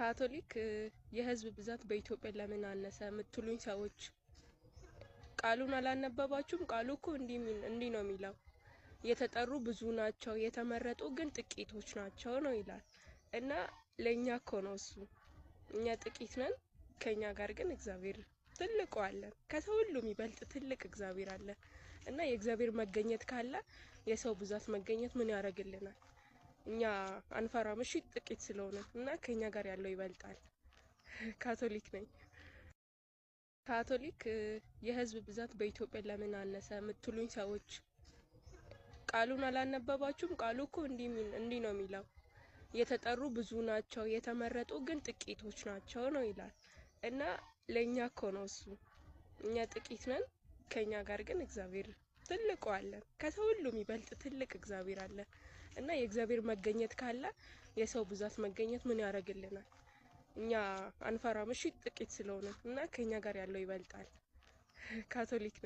ካቶሊክ የህዝብ ብዛት በኢትዮጵያ ለምን አነሰ የምትሉኝ ሰዎች ቃሉን አላነበባችሁም? ቃሉ እኮ እንዲህ ነው የሚለው የተጠሩ ብዙ ናቸው፣ የተመረጡ ግን ጥቂቶች ናቸው ነው ይላል። እና ለእኛ እኮ ነው እሱ። እኛ ጥቂት ነን፣ ከእኛ ጋር ግን እግዚአብሔር ትልቁ አለ። ከሰው ሁሉ የሚበልጥ ትልቅ እግዚአብሔር አለ። እና የእግዚአብሔር መገኘት ካለ የሰው ብዛት መገኘት ምን ያደርግልናል? እኛ አንፈራም። እሺ ጥቂት ስለሆነ እና ከኛ ጋር ያለው ይበልጣል። ካቶሊክ ነኝ። ካቶሊክ የህዝብ ብዛት በኢትዮጵያ ለምን አነሰ የምትሉኝ ሰዎች ቃሉን አላነበባችሁም? ቃሉ እኮ እንዲህ ነው የሚለው የተጠሩ ብዙ ናቸው፣ የተመረጡ ግን ጥቂቶች ናቸው ነው ይላል። እና ለእኛ እኮ ነው እሱ። እኛ ጥቂት ነን፣ ከኛ ጋር ግን እግዚአብሔር ትልቁ አለ። ከሰው ሁሉ የሚበልጥ ትልቅ እግዚአብሔር አለ እና የእግዚአብሔር መገኘት ካለ የሰው ብዛት መገኘት ምን ያደርግልናል? እኛ አንፈራም፣ እሺ ጥቂት ስለሆነ እና ከኛ ጋር ያለው ይበልጣል። ካቶሊክ